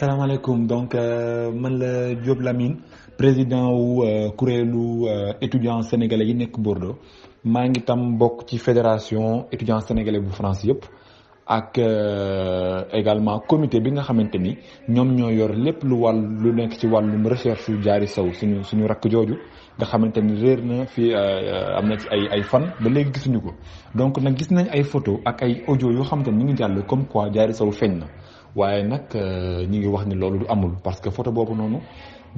salaamaaleykum donc euh, man la Diop Lamine président wu euh, kuréelu euh, étudiants sénégalais yi nekk Bordeaux maa ngi tam bokk ci fédération étudiants sénégalais bu France yëpp ak euh, également comité bi nga xamante ni ñoom ñoo yor lépp lu wàll lu nekk ci wàllum recherche yu jaari saw suñu suñu rakk jooju nga xamante ni réer na fii euh, euh, am na ci ay ay fan ba léegi gisuñu ko donc nag gis nañ ay photo ak ay audio yoo xamante ni ñu ngi jàll comme quoi jaari saw feeñ na waaye nag ñu ngi wax ni loolu du amul parce que photo boobu noonu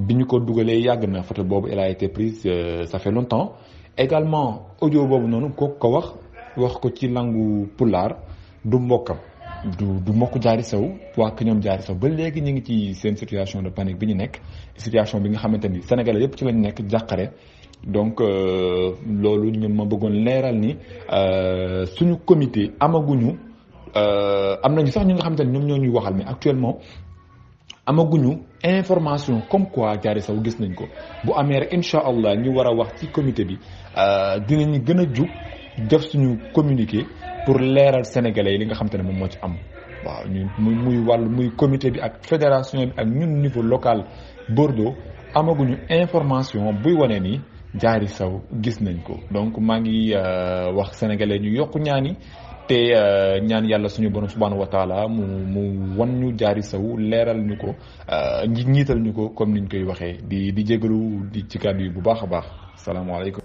bi ñu ko dugalee yàgg na photo boobu elle a été prise ça fait longtemps également audio boobu noonu kooku ko wax wax ko ci langu pulaar du mbokkam du du mbokk jaari saw waa que ñoom jaari saw ba léegi ñu ngi ci seen situation de panique bi ñu nekk situation bi nga xamante ni sénégalais yëpp ci lañ nekk jàqare donc euh, loolu ñun ma bëggoon leeral ni euh, suñu comité amaguñu euh, am nañu sax ñu nga xamante ni ñoom ñoo ñuy waxal mais actuellement amaguñu information comme quoi jaari saw gis nañ ko bu amee rek incha allah ñu war a wax ci comité bi dinañu gën a jug jëf suñu communiqué. pour leeral sénégalais yi li nga xam te ne moom moo ci am waaw ñu muy muy wàllu muy comité bi ak fédération bi ak ñun niveau local Bordeaux amaguñu information buy wane ni jaari saw gis nañ ko donc maa ngi euh, wax sénégalais ñu yokku ñaani te euh, ñaan yàlla suñu borom subhanahu wa taala mu mu wan ñu jaari saw leeral ñu ko ñi euh, ñiital ñu ko comme ni ñu koy waxee di di jégalu di ci kàddu yi bu baax a baax salaamaaleykum